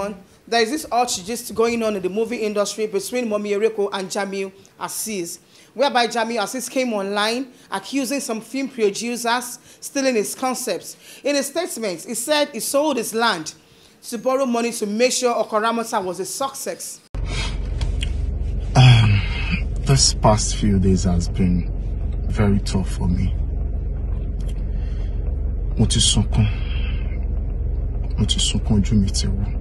one, there is this hot just going on in the movie industry between Mommy Ereko and Jamil Assis, whereby Jamil Assis came online accusing some film producers stealing his concepts. In a statement, he said he sold his land to borrow money to make sure Okoramota was a success. Um, this past few days has been very tough for me. Mo ti sunkún, mo ti mi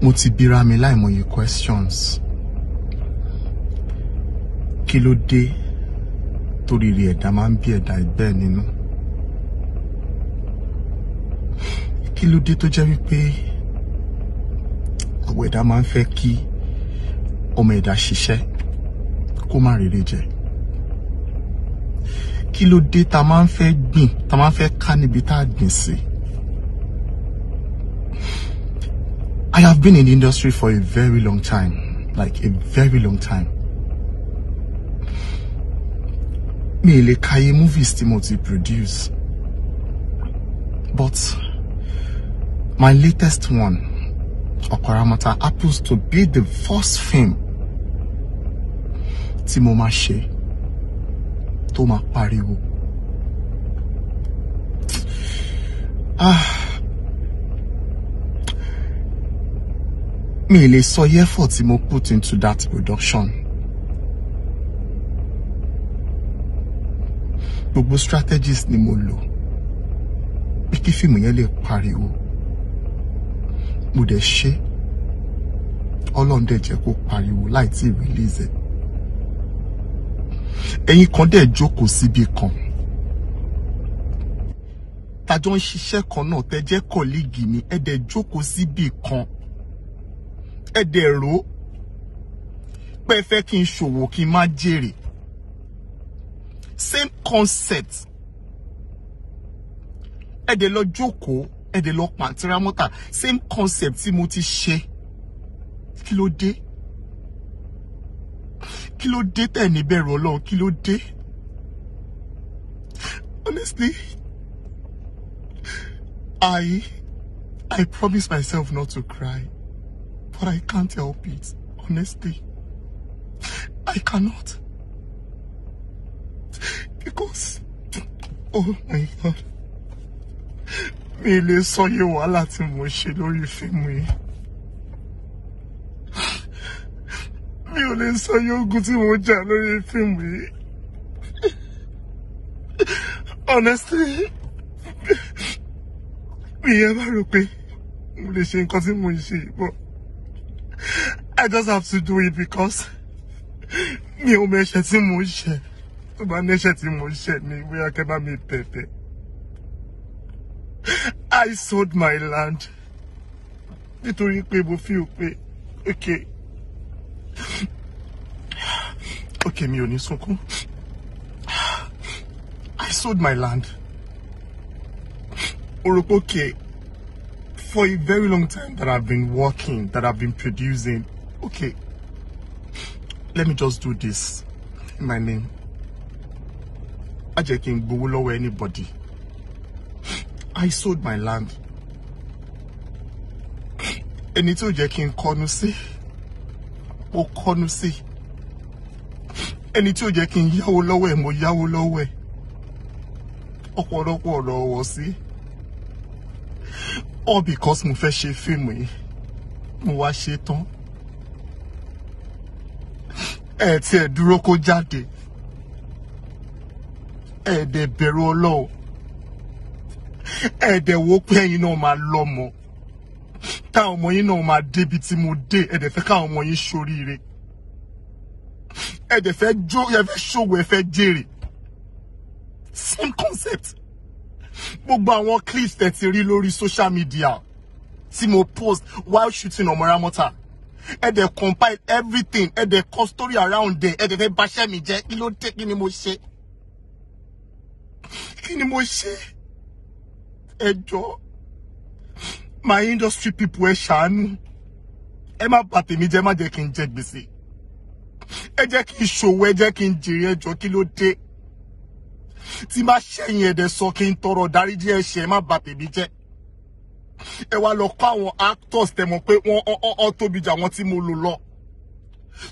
mo ti bira mi láìmọye questions kí ló dé toríire ẹ̀dá máa ń bí ẹ̀dá ẹgbẹ́ nínú kí ló dé tó jẹ́ wípé àwọn ẹ̀dá máa ń fẹ́ kí ọmọ ẹ̀dá ṣiṣẹ́ kó má rere jẹ kí ló dé tá máa ń fẹ́ gbìn tá máa ń fẹ́ ká níbi tá a gbìn sí. Si I have been in the industry for a very long time. Like a very long time. Me le káyé movies tí produce. But my latest one, Okoramata, happens to be the first film tí mo máa ṣe pariwo. Ah. mi lè sọ effort tí mo put into that production. gbogbo strategies ni mo lò bí kí fíìmù yẹn lè pariwo mo dẹ̀ ṣe ọlọ́run dẹ̀ jẹ́ kó pariwo láì tí ì release ẹ̀ ẹ̀yin kan dẹ̀ jókòó síbi kan tájọ́ ń ṣiṣẹ́ kan náà tẹ́ jẹ́ kọ̀líìgì ni ẹ̀ dẹ̀ jókòó síbi kan ẹ̀dẹ̀ pé ẹ fẹ́ kí n ṣòwò kí n má jèrè same concept ẹ̀dẹ̀ lọ jókòó ẹ̀dẹ̀ lọ pàǹtíra mọ́tà same concept tí mo ti ṣe kí ló dé kí ló dé tẹ̀ ní bẹ̀rù ọlọ́run kí ló dé honestly I I promise myself not to cry but I can't help it, honestly. I cannot. Because, oh my God, mi lè sọ yé wàhálà tí mo ṣe lórí fíìmù yìí. Mi ò lè sọ yé ogun tí mo jà lórí fíìmù yìí. Honestly, mi yẹ bá rò pé mo lè ṣe nǹkan tí mo ń ṣe, but. I just have to do it because me ò mọ ẹ̀ṣẹ̀ tí mo ń ṣẹ̀ tó bá ní ẹ̀ṣẹ̀ mo ń ni bóyá kẹ́ bá mi pepe. I sold my land nítorí pé mo fi pé okay okay mi ò ní sunkún I sold my land Oropoke for a very long time that I've been working that I've been producing Okay. Let me just do this in my name. A jẹ́ kí n anybody. I sold my land. Ẹni tí ò jẹ́ kí n kọnu sí, mo kọnu sí. Ẹni tí ò jẹ́ kí n yáwó Ọ̀pọ̀lọpọ̀ ọ̀rọ̀ sí. All because mo fẹ́ ṣe fíìmù yìí, mo wá ṣe tán ẹ ti ẹ dúró kó jáde ẹ dẹ̀ bẹ̀rù Ọlọ́run ẹ dẹ̀ wò pé ẹ̀yin náà máa lọ́mọ táwọn ọmọ yín náà máa débi tí mo dé ẹ dẹ̀ fẹ́ káwọn ọmọ yín ṣoríire ẹ dẹ̀ fẹ́ jó ẹ fẹ́ ṣòwò ẹ fẹ́ jèrè same concept gbogbo àwọn clips tẹ́ ti rí lórí social media tí mo post while shooting ọmọ Ramota ẹ dẹ̀ compile everything ẹ dẹ̀ kọ story around there ẹ dẹ̀ fẹ́ baṣẹ́ mi jẹ́ kí ló dé kí ni mo ṣe kí ni mo ṣe ẹ jọ my industry people ẹ ṣàánú ẹ má bà tèmi jẹ́ má jẹ́ kí n jẹ gbèsè ẹ jẹ́ kí n ṣòwò ẹ jẹ́ kí n jèrè ẹ jọ kí ló dé tí má ṣẹ̀yìn ẹ̀dẹ̀ sọ kí n tọrọ dáríjì ẹ̀ṣẹ̀ má bà tèmi jẹ́ ẹ wá lọ kọ́ àwọn actors tẹ̀ pé wọ́n tóbi jà wọ́n tí mo lò lọ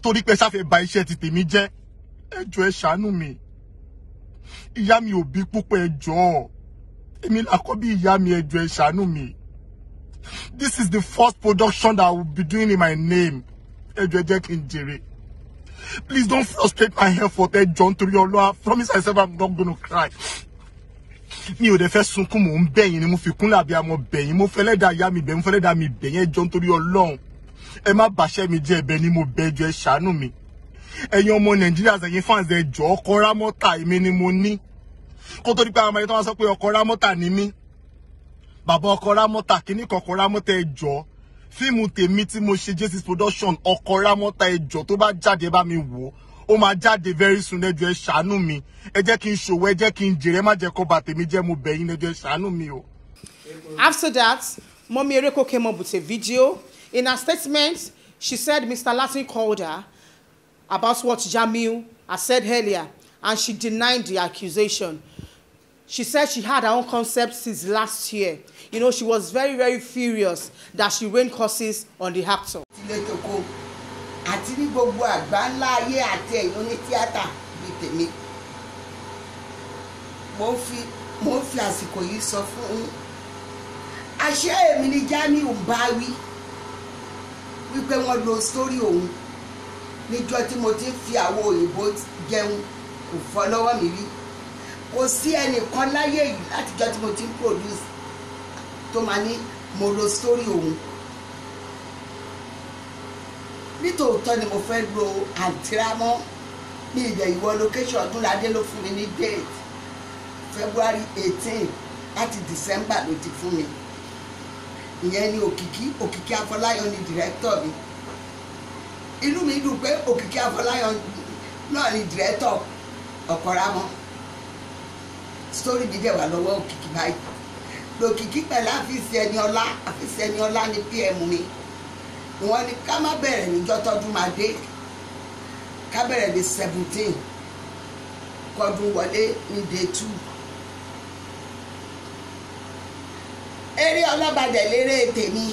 torí pé ṣáfẹ́ ba iṣẹ́ ti tèmi jẹ́ ẹ ẹ ṣàánú mi ìyá mi ò bí púpọ̀ ẹ jọ̀ọ́ èmi làkọ́bí ìyá mi ẹ ẹ ṣàánú mi this is the first production that I will be doing in my name ẹ jọ̀ọ́ ẹ jẹ́ kí n jèrè please don't frustrate my effort ẹ jọ̀ọ́ nítorí ọlọ́wà promise myself I'm not gonna cry mi ò dẹ̀ fẹ́ sunkún mò ń bẹ̀yìn ni mo fi kún làbí àmọ́ bẹ̀yìn mo fẹ́ lẹ́dà ya mi bẹ̀yìn mo fẹ́ lẹ́dà mi bẹ̀yìn ẹjọ́ nítorí ọlọ́run ẹ má bàṣẹ́ mi jẹ́ ẹ̀bẹ̀ ni mo bẹ̀ jọ ẹ ṣàánú mi ẹ̀yin ọmọ nàìjíríà sẹ̀yìn fans ẹ jọ ọkọ rámọ́tà èmi ni mo ní kó tó di pé àwọn ọmọ yẹn tó wá sọ pé ọkọ rámọ́tà ni mí bàbá ọkọ rámọ́tà kíní kan ọkọ rámọ́tà ẹ jọ fíìmù tèmi tí mo ṣe jesus production ọkọ rámọ́tà ẹ jọ tó bá jáde bá mi wò ó ó máa jáde very soon ẹjọ ẹ ṣàánú mi ẹ jẹ́ kí n ṣòwò ẹ jẹ́ kí n jèrè má jẹ́ kó bà tèmi jẹ́ mo bẹ̀ yín ẹjọ ẹ ṣàánú mi o. After that Mommy Ereko came up with a video in her statement she said Mr. Latin called her about what Jamiu had said earlier and she denied the accusation. She said she had her own concept since last year. You know, she was very, very furious that she rained curses on the actor àti ní gbogbo àgbá ńlá ayé àti ẹ̀yin onítíátà bíi tèmi mo ń fi mo ń fi àsìkò yìí sọ fún yín àṣé èmi ni Jamiu ń bá wí wípé wọ́n lo sórí òun níjọ́ tí mo ti ń fi àwọn òyìnbó jẹun kò fọ́ lọ́wọ́ mi rí kò sí ẹnìkan láyé yìí látijọ́ tí mo ti ń produce tó máa ní mo lo sórí òun nítòótọ́ ni mo fẹ́ lo àǹtírámọ́ ní ilẹ̀ ìwọ location ọdúnládé ló fún mi ní date february eighteen láti december ló ti fún mi ìyẹn ni òkìkí òkìkí afọláyàn ni director mi inú mi dùn pé òkìkí afọláyàn náà ni director ọ̀kọ̀ramọ́ story mi dẹ̀ wà lọ́wọ́ òkìkí báyìí lòkìkí pẹ̀lú àfíìsì ẹni ọlá àfíìsì ẹni ọlá ni pm mi wọ́n ní ká má bẹ̀rẹ̀ níjọ́ tọ́dún máa dé ká bẹ̀rẹ̀ ní seventeen kọ́dún wọlé ní day two. eré ọlọ́bàdẹ̀ lérè tèmi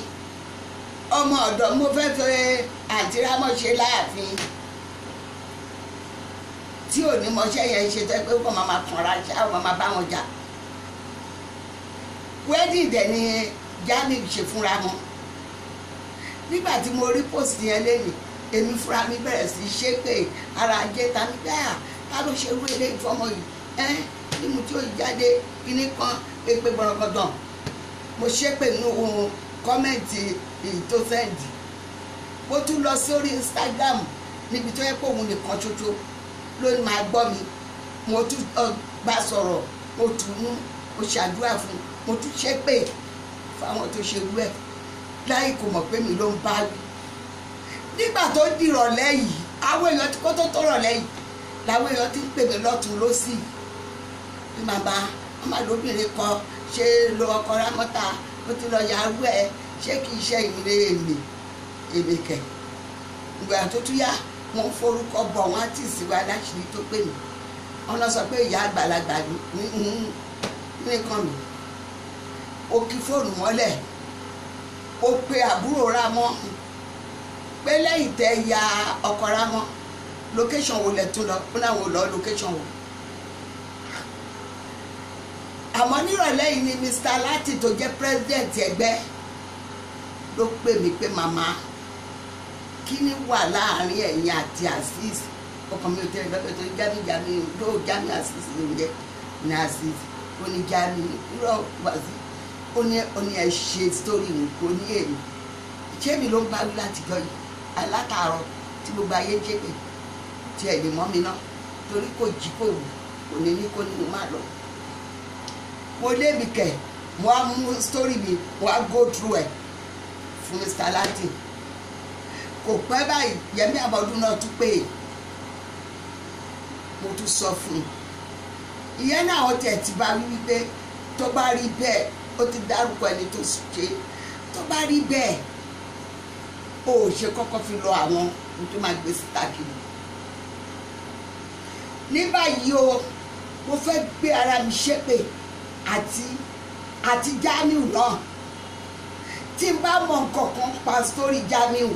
ọmọ ọ̀dọ́ mo fẹ́ fẹ́ àǹtí rámọ́ṣẹ́ láàfin tí ò ní mọṣẹ́ yẹn ṣe tẹ́ pé kó máa ma kanra ṣá ò máa ma bá wọn jà wẹ́dì dẹ̀ ni jamiu ṣe fúnra wọn nígbà tí mo rí post yẹn lẹ́nu èmi fúnra mi bẹ̀rẹ̀ sí í ṣe pé ara jẹ́ ta ní bẹ́ẹ̀ ta ló ṣe rú ilé ìfọmọ yìí ẹ́ nímú tí ó jáde kíní kan èpè gbọ̀rọ̀gbọ̀dàn mo ṣe pé nínú ohun kọ́mẹ̀ntì tó mo tún lọ sórí Instagram níbi tó yẹ pé òun nìkan ṣoṣo ló máa gbọ́ mi mo tún bá sọ̀rọ̀ mo tún mú mo ṣàdúrà fún mo tún ṣépè fáwọn tó ṣe rú ẹ̀ láì kò mọ̀ pé mi ló ń bá wí nígbà tó di ìrọ̀lẹ́ yìí àwọn èèyàn kó tó tó rọ̀lẹ́ yìí làwọn èèyàn ti ń pè mí lọ́tún lọ́sì bí màmá ọmọ lóbìnrin kan ṣe lo ọkọ rámọ́ta ó ti lọ yàrá ẹ̀ ṣé kì í ṣe ìrìnlẹ̀ èmi èmi kẹ̀ ìgbà tó tún yá wọn forúkọ bọ̀ wọn á tì sí wa láṣìírí tó pè mí wọn lọ sọ pé ìyá àgbàlagbà ní nǹkan mi ó kí fóònù mọ́lẹ̀ ó pe àbúrò ra mọ́ pé lẹ́yìn tẹ́ ya ọkọ̀ ra mọ́ location wo lẹ̀ tún lọ ó láwọn ò lọ location wo àmọ́ nírọ̀lẹ́ yìí ni Mr. Lati tó jẹ́ president ẹgbẹ́ ló pè mí pé màmá kí ni wà láàrin ẹ̀yin àti Azeez ọkàn mi ò tẹ́lẹ̀ lọ́pẹ́ tó jámi jámi ló jámi Azeez ló ń jẹ́ ní Azeez ó ní jámi irọ́ wàzí ó ní ó ní ẹ ṣe sítórì mi kò ní èmi ṣébi ló ń bá wí láti jọ yìí alátàárọ̀ tí gbogbo ayé jẹ́ pé tí ẹ̀ lè mọ́ mi náà torí kò jí kò wù kò ní ní kó ní mo máa lọ. mo lébi kẹ̀ mo á mú sítórì mi mo á go through ẹ̀ fún Mr. Latin kò pẹ́ báyìí Yẹmí Àmọ́dún náà tún pé mo tún sọ fún un ìyẹn náà ó tẹ̀ ti bá wí wípé tó bá rí bẹ́ẹ̀ ó ti dárúkọ ẹni tó ṣe tó bá rí bẹ́ẹ̀ ó ṣe kọ́kọ́ fi lọ àwọn tó máa gbé síta kiri ní báyìí o mo fẹ́ gbé ara mi ṣépè àti àti Jamiu náà tí n bá mọ nǹkan kan pa sórí Jamiu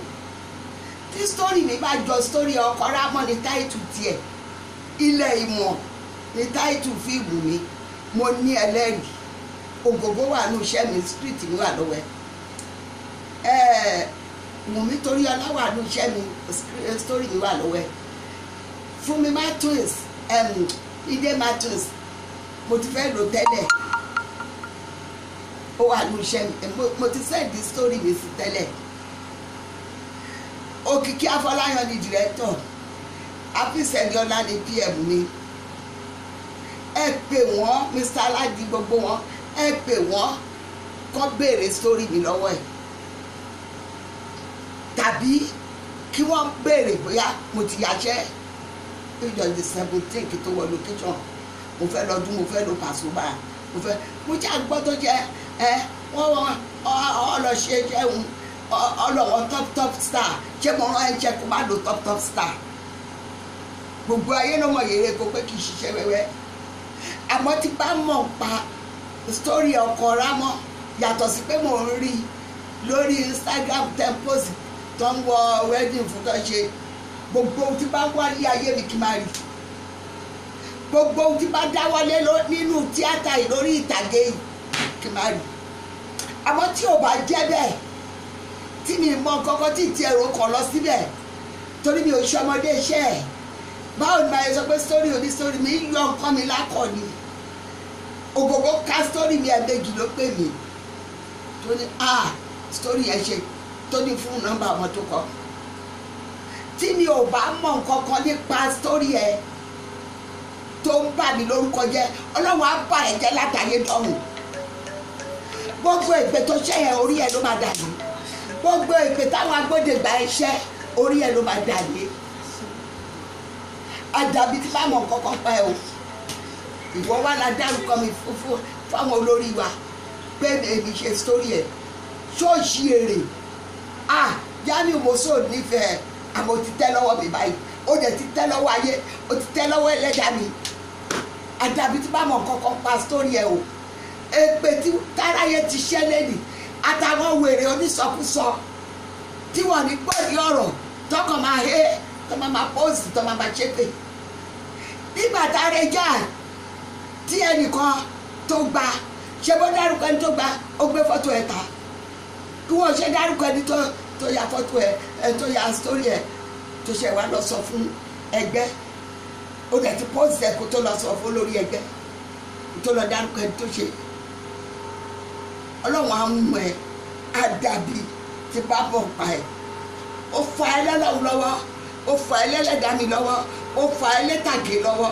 tí sórí mi bá jọ sórí ọkọ rámọ ní táìtù tiẹ̀ ilẹ̀ ìmọ̀ ní táìtù fíìmù mi mo ní ẹlẹ́rìí ògògó wà ní iṣẹ́ mi spirit mi wà lọ́wọ́ ẹ wùmí torí ọlá wà ní iṣẹ́ mi story mi wà lọ́wọ́ ẹ Fúnmi Martins Ide Martins mo ti fẹ́ lò tẹ́lẹ̀ ó wà ní iṣẹ́ mi mo ti send the story mi sí tẹ́lẹ̀ Òkìkí Afọláyan ni director àfíìsẹ̀ ni ọlá ni pm mi ẹ pè wọ́n Mr. Aládì gbogbo wọn ẹ pè wọ́n kọ́ béèrè sórí mi lọ́wọ́ ẹ̀ tàbí kí wọ́n béèrè bóyá mo ti yàṣẹ́ ìjọ the seventeen kí tó wọ location mo fẹ́ lọ́dún mo fẹ́ lọ Pasuma mo fẹ́ mo jẹ́ àgbọ́tọ́ jẹ́ ẹ wọ́n wọ́n ọlọ ṣe jẹun ọlọ́wọ́ top top star ṣé mo rán ẹ jẹ́ kó má lo top top star gbogbo ayé ló mọ̀ yèrè kó pé kì í ṣiṣẹ́ wẹ́wẹ́ àmọ́ tí bá mọ̀ pa story ọkọ rámọ yàtọ̀ sí pé mò ń rí lórí Instagram tempos tó ń wọ wedding fún tó ṣe gbogbo tí bá wà ní ayé mi kí n máa rí gbogbo tí bá dáwọlé nínú tíátà yìí lórí ìtàgé yìí kí n máa rí àmọ́ tí ò bá jẹ́ bẹ́ẹ̀ tí mi mọ kọ́kọ́ tí ti ẹ̀rọ kọ̀ lọ síbẹ̀ torí mi ò ṣọmọdé iṣẹ́ ẹ̀ báwo ni màá yẹ sọ pé sórí oníṣòrí mi yọ nǹkan mi lákọ̀ọ́ ni ògògó ká sítórì mi ẹ̀ẹ́dẹ́jì ló pè mí tó ní a sítórì yẹn ṣe tó ní fún nọ́mbà wọn tó kọ tí mi ò bá mọ̀ nǹkan kan nípa sítórì ẹ̀ tó ń bà mí lórúkọ jẹ́ ọlọ́wọ́ á bà ẹ̀ jẹ́ látàyé dọ́hùn gbogbo ìpè tó ṣe yẹn orí ẹ̀ ló máa dà mí gbogbo ìpè táwọn agbódegbà ẹ̀ ṣẹ́ orí ẹ̀ ló máa dà mí àdàbí tí bá mọ̀ nǹkan kan pa o ìwọ wà lá dárúkọ mi fún fáwọn olórí wa pé èmi ṣe sórí ẹ̀ ṣóòṣì èrè à yánni mọ́sọ̀ nífẹ̀ẹ́ àmọ́ ti tẹ́ lọ́wọ́ mi báyìí ó dẹ̀ ti tẹ́ lọ́wọ́ ayé ó ti tẹ́ lọ́wọ́ ẹlẹ́dàá mi àdàbí tí bá mọ̀ kankan pa sórí ẹ̀ o èpè tí táráyé ti ṣẹlẹ̀ nì àtàwọn wèrè onísọkúsọ tí wọ́n ní gbòdì ọ̀rọ̀ tọkàn máa hé tọ́ máa máa pọ́ọ̀sì máa ṣépè nígbà tá a rẹ jáà tí ẹnìkan tó gba ṣe bó dárúkọ ẹni tó gba ó gbé fọ́tò ẹ̀ ta kí wọ́n ṣe dárúkọ ẹni tó tó ya fọ́tò ẹ̀ ẹ̀ tó ya sórí ẹ̀ tó ṣe wá lọ sọ fún ẹgbẹ́ ó dẹ̀ ti pọ́sì ẹ̀ kó tó lọ sọ fún lórí ẹgbẹ́ tó lọ dárúkọ ẹni tó ṣe ọlọ́run á mú ẹ á dàbí ti bá bọ̀ pa ẹ̀ ó fa ẹlẹ́lọ́wọ́ ó fa ẹlẹ́lẹ́dàmí lọ́wọ́ ó fa ẹlẹ́tàgé lọ́wọ́.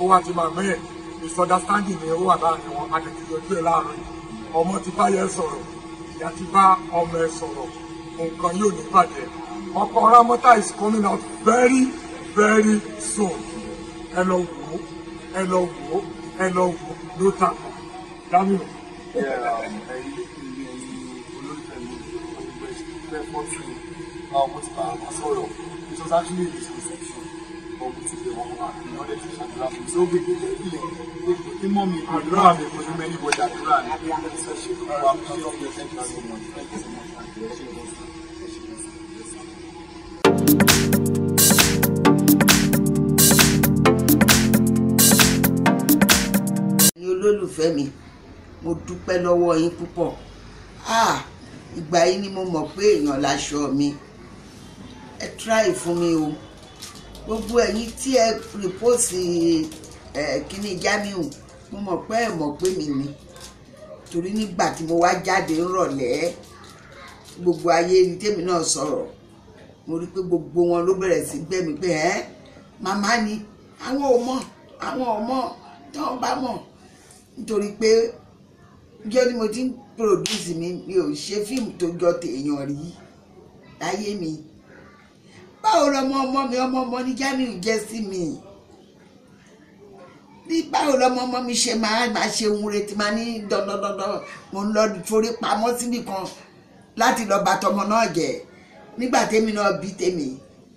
ó wá ti máa mẹ́ẹ̀ misunderstanding ni ó wà láàrin wọn àtẹ̀tẹ̀ yọjú ẹ̀ láàrin ọmọ ti bá yẹ sọ̀rọ̀ ìyá ti bá ọmọ ẹ sọ̀rọ̀ nǹkan yóò ní bàjẹ́ ọkọ̀ ramọ́tà is coming out very very soon ẹ lọ wò ó ẹ lọ wò ó ẹ lọ wò ó ló ta kọ̀ Damiu. Um, It was actually a misconception, but we took the wrong so gbogbo ilẹ̀ mímọ́ mi àdúrà mi kò ní mẹ́rin bọ́dà àdúrà mi. wà olólùfẹ́ mi mo dúpẹ́ lọ́wọ́ yín púpọ̀ ah ìgbà yìí ni mo mọ̀ pé èèyàn láṣọ mi ẹ tíráì fún mi o gbogbo ẹ̀yin tí ẹ rìpọ́sì ẹ̀ kíní Jamiu mo mọ̀ pé ẹ̀ mọ̀ pé mi ni torí nígbà tí mo wá jáde ńrọ̀lẹ́ gbogbo ayé ní tèmi náà sọ̀rọ̀ mo rí pé gbogbo wọn ló bẹ̀rẹ̀ sí gbẹ̀mí pé ẹ́ màmá ni àwọn ò mọ̀ àwọn ò mọ̀ tí wọ́n bá mọ̀ nítorí pé jọ́ ni mo ti ń produce mi mi ò ṣe fíìmù tó jọ tèèyàn rí láyé mi báwo lọmọ ọmọ mi ọmọ ọmọ ní Jamiu jẹ́ sí mi bí báwo lọmọ ọmọ mi ṣe máa máa ṣe ohun retí máa ní dandandandan mo ń lọ forí pamọ́ síbì kan láti lọ bà tọmọ náà jẹ́ nígbà tèmi náà bí tèmi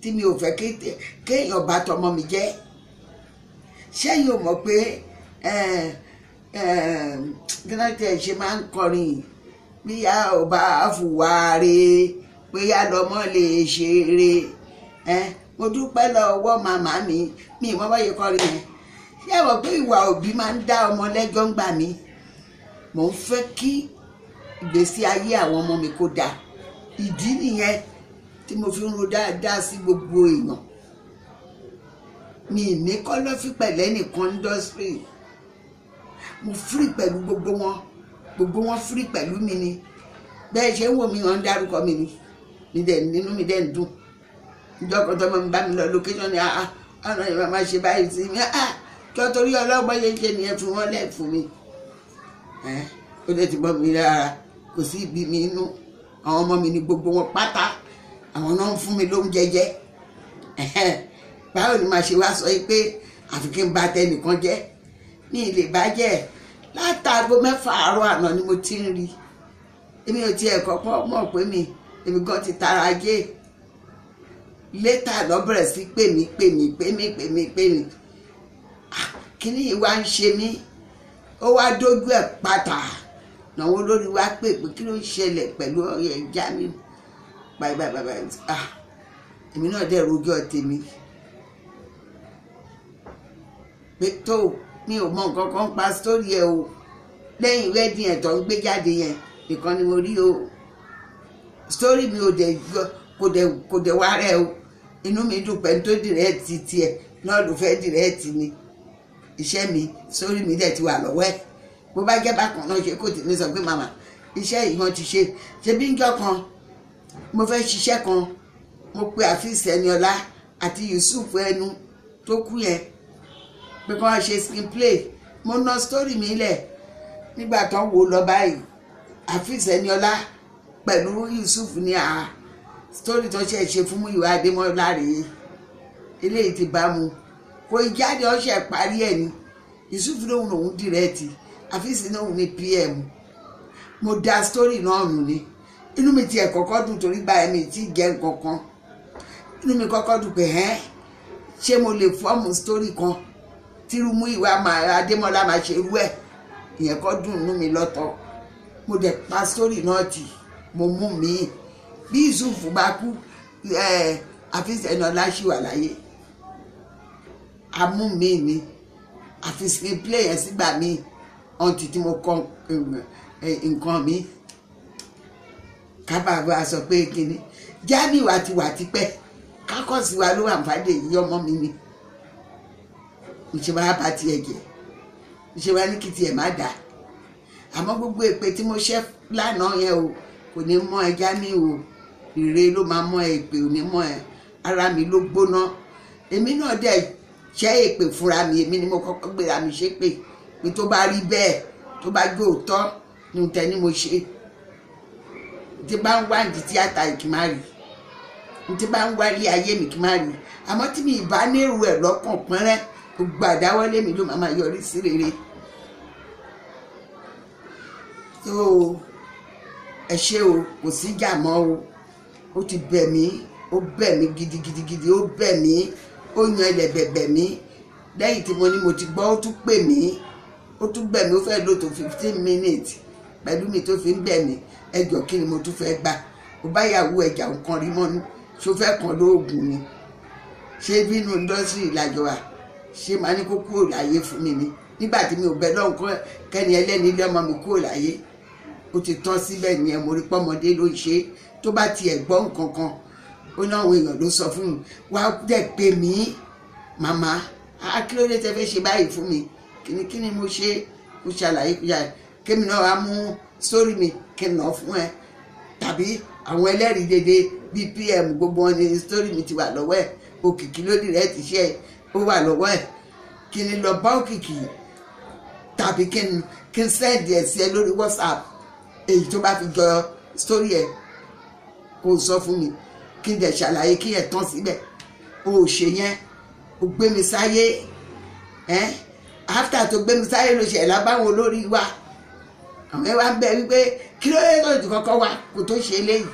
tí mi ò fẹ́ kéèyàn bà tọmọ mi jẹ́ ṣẹ́yìn ò mọ̀ pé gínáàtì ẹ̀ ṣe máa ń kọrin bí a ò bá fùwà re pé a lọ́mọ lè ṣe ẹ mo dúpẹ́ lọ́wọ́ màmá mi mi ìmọ̀ bá yẹ kọrin yẹn ṣé ẹ̀wọ̀ pé ìwà òbí máa ń dá ọmọ lẹ́jọ́ ń gbà mí mò ń fẹ́ kí ìgbésí ayé àwọn ọmọ mi kó dáa ìdí nìyẹn tí mo fi ń ro dáadáa sí gbogbo èèyàn mi ní kọ́lọ́fí pẹ̀lẹ́ nìkan indọ́sírì mo fírì pẹ̀lú gbogbo wọn gbogbo wọn fírì pẹ̀lú mi ni bẹ́ẹ̀ ṣe ń wò mí wọn ń dárúkọ mi ni nínú mi dẹ̀ ń dùn ìjọkọ̀ tó máa ń bá mi lọ lókẹ́sọ̀ ni àá ah, ah, ọ̀nà ìwà máa ṣe báyìí sí mi àá kí ọ torí ọlọ́gbọ́n yẹn ṣe nìyẹn fún wọn lẹ́ẹ̀ fún mi ó dẹ̀ ti bọ́ mi rárá kò sí ibi mi inú àwọn ọmọ mi ni gbogbo wọn pátá àwọn náà ń fún mi lóúnjẹ jẹ báwo ni màá ṣe wá sọ pé àfi kí n bà tẹnìkan jẹ́ ní ilé ìbàjẹ́ látàgbo mẹ́fà àárọ̀ àná ni mo ti ń rí èmi ò tiẹ̀ kọ́kọ́ mọ̀ pé mi èmi gan ti tara ajé létà lọ bẹ̀rẹ̀ sí pè mí pè mí pè mí pè mí pè mí ah, kíní yìí wá ń ṣe mí ó wá dójú ẹ̀ pátá náwó lórí wá pè pé kí ló ń ṣẹlẹ̀ pẹ̀lú ọ̀rẹ́ ìjà mi báyìí báyìí báyìí ah èmi náà dẹ̀ rojọ́ tèmi pé tó mi ò mọ nǹkan kan pa sórí ẹ o lẹ́yìn wẹ́dìn ẹ̀ tó ń gbé jáde yẹn nìkan ni mo rí o sórí mi ò dẹ̀ kò dẹ̀ wá rẹ̀ o inú mi dùn pẹ̀lú tó dìrẹ́ẹ̀tì tiẹ̀ náà ló fẹ́ dìrẹ́ẹ̀tì mi iṣẹ́ mi sórí mi dẹ̀ ti wà lọ́wọ́ ẹ̀ bó bá jẹ́ bákan náà ṣe kò tí ní sọ pé màmá iṣẹ́ yìí wọ́n ti ṣe ṣe bí njọ́ kan mo fẹ́ ṣiṣẹ́ kan mo pe àfíìsì Ẹniọlá àti Yusuf ẹnu tó kú yẹn pé kí wọ́n ṣe skin play mo ná sítórì mi lẹ̀ nígbà tán wò lọ báyìí àfíìsì Ẹniọlá pẹ̀lú Yusuf ní àá sítórì tó ṣe ṣe fún ìwà adémọ́lá rèé eléyìí ti bá mu kò jáde ọṣẹ parí ẹ̀ ni Yusufu lòun lòun dìrẹ́ẹ̀tì àfíìsì náà òun ni pm mo da sítórì náà nù ni inú mi tiẹ̀ kọ́kọ́ dùn torí gba ẹ̀mí tí jẹ́ nǹkan inú mi kọ́kọ́ dùn pé ẹ́ ṣé mo lè fọ́ọ̀mù sítórì kan tírú mú ìwà adémọ́lá máa ṣe irú ẹ̀ ìyẹn kọ́ dùn inú mi lọ́tọ̀ mo dẹ̀ pa sítórì náà tì mo mú mi-ín bí Yusuf bá kú àfisẹ̀nà láṣìwà láyé amú mi ni àfisẹ̀ play yẹn sígbà mi ọ̀ntì tí mo kọ́ nǹkan mi kábàbà sọ pé kíni jáde ìwà ti wà tipẹ́ kákọ́sí wa ló wà nfàdé yìí ọmọ mi ni ìṣèwà bá tiẹ̀ jẹ́ ìṣèwà ní kí tiẹ̀ má dáa àmọ́ gbogbo èpè tí mo ṣẹ́ lánàá yẹn o kò ní mọ ẹja mi o ire ló máa mọ èpè òní mọ ẹ ara mi ló gbóná èmi náà dẹ̀ jẹ́ èpè fúnra mi èmi ni mo kọ́kọ́ gbéra mi ṣe pé pé tó bá rí bẹ́ẹ̀ tó bá jó òótọ́ ní tẹ ni mo ṣe tí bá ń wá ní tíátà kì má rí tí bá ń wá ní ayé mi kì má rí àmọ́ tí mi ìbá nírú ẹ̀ lọ́kàn pẹ́rẹ́ gbogbo àdáwọ́lé mi ló máa yọrí sí rere so ẹ ṣé o kò sí jà mọ́ o ó ti bẹ̀ mí ó bẹ̀ mí gidigidigidi ó bẹ̀ mí ó yan ilẹ̀ bẹ̀bẹ̀ mí lẹ́yìn tí mo ní mo ti gbọ́ ó tún pè mí ó tún bẹ̀ mí ó fẹ́ lò tó fifteen minutes pẹ̀lú mi tó fi ń bẹ̀ mí ẹjọ́ kí ni mo tún fẹ́ gbà ó bá yàwó ẹja nǹkan rí mọ́nú ṣó fẹ́ kàn lóògùn ni ṣé bínú indọ́sírì làjọ wa ṣé máa ní kó kúrò láyé fún mi ni nígbà tí mi ò bẹ lọ́hùn kọ́ kẹ́ni ẹlẹ́ni ilé ọmọ mi kúrò láyé ó ti tán síbẹ̀ ni ẹ̀ mo rí pọ́mọdé ló ṣe é tó bá tiẹ̀ gbọ́ nǹkan kan ó náà wo èèyàn ló sọ fún un wá dẹ̀ pé mí màmá akérèdé tẹ fẹ́ ṣe báyìí fún mi kíni kíni mo ṣe mo ṣàlàyé kújà kémi náà wá mú sórí mi kí n nà fún ẹ tàbí àwọn ẹlẹ́rìí dédé bíi pm gbogbo wọn ni sórí mi ti wà lọ́wọ́ ẹ̀ òkìkí lódì rẹ̀ ti ṣe ó wà lọ́wọ́ ẹ̀ kí ni lọ bá òkìkí tàbí kí n sẹ́ẹ̀dì ẹ̀ sí ẹ lórí whatsapp èyí tó bá fi jọ sórí ẹ̀ kó o sọ fún mi kí n dẹ̀ ṣàlàyé kí ẹ̀ tán síbẹ̀ o ò ṣe yẹn o gbé mi sáyé ẹ́ after tó gbé mi sáyé ló ṣe ẹ̀ lábáwọn olórí wa àwọn ẹ wá ń bẹ wípé kí ló yẹ lọ́dún kọ́kọ́ wa kò tó ṣe eléyìí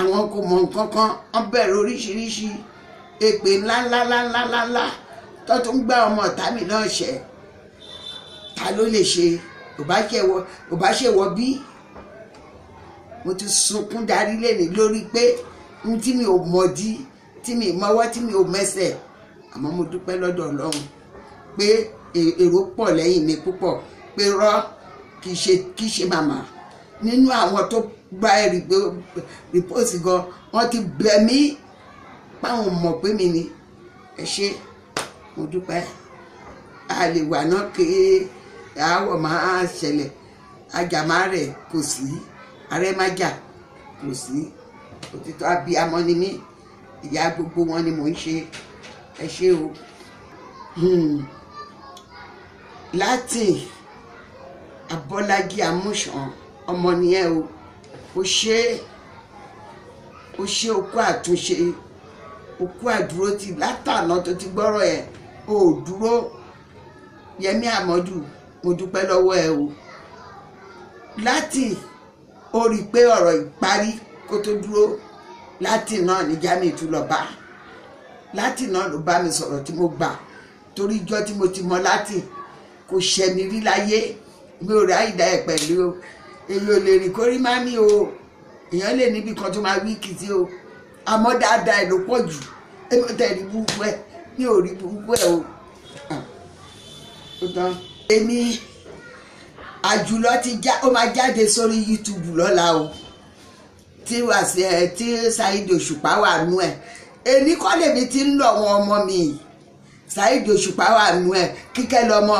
àwọn kò mọ nǹkan kan wọ́n bẹ̀rẹ̀ oríṣiríṣi èpè ńláńláńláńláńlá tó tún gbá ọmọ ọ̀tá mi náà ṣẹ̀ ta ló lè ṣe ò bá ṣe wọ bí mo ti sunkún darí lèmi lórí pé n tí mi ò mọ̀dí tí mi mọ́wọ́ tí mi ò mẹ́sẹ̀ àmọ́ mo dúpẹ́ lọ́dọ̀ ọlọ́run pé èrò pọ̀ lẹ́yìn mi púpọ̀ pé rọ́ kì í ṣe kì í ṣe màmá nínú àwọn tó gba rìpọ́sì gan wọ́n ti bẹ̀ mí páwọn mọ̀ pé mi ni ẹ ṣe mo dúpẹ́ a lè wà náà ké àwọ̀ máa ṣẹlẹ̀ ajá máa rẹ̀ kò sí àrẹ́májà kò sí òtítọ́ abiyamọ ni mí ìyá gbogbo wọn ni mò ń ṣe ẹ ṣé o hmm. láti abọ́lájí amúṣan ọmọ nìyẹn o ó ṣe ó ṣe okú àtúnṣe okú àdúró ti látànà tó ti gbọ́rọ̀ ẹ̀ o ò dúró yẹmí àmọ́dù mo dúpẹ́ lọ́wọ́ ẹ o láti ó rí i pé ọ̀rọ̀ ìparí kó tó dúró láti náà ní Jamiu tún lọ bá láti náà ló bá mi sọ̀rọ̀ tí mo gbà torí ijọ́ tí mo ti mọ láti kò ṣẹ̀mí rí láyé mi ò ráyè dá ẹ̀ pẹ̀lú o èyí ò lè rìn kórí má mi o èèyàn lè níbi kan tó máa wíìkì sí o àmọ́ dáadáa ẹ̀ ló pọ̀ jù èmi ò tẹ̀ burúkú ẹ̀ mi ò rí burúkú ẹ̀ o. èmi àjùlọ ti já ó máa jáde sórí YouTube lọ́la o tí wà sí ẹ tí Saheed Òṣùpá wà nú ẹ èmi kọ́ lèmi ti ń lọ wọn ọmọ mi Saheed Òṣùpá wà nú ẹ kíkẹ́ lọ́mọ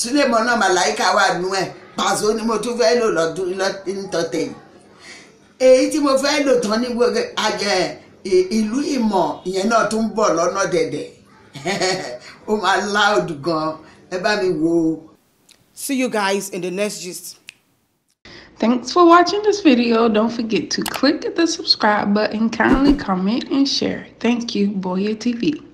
Suleiman náà Màláìka wà nú ẹ Pàṣọ ni mo tún fẹ́ lò lọ́dún nítọ́tẹ̀ èyí tí mo fẹ́ lò tán ní gbogbo ìlú ìmọ̀ ìyẹn náà tún bọ̀ lọ́nà dẹ̀dẹ̀ ó máa láòdù gan ẹ bá mi wò ó. See you guys in the next gist. Thanks for watching this video. Don't forget to click the subscribe button, kindly comment, and share. Thank you, Boya TV.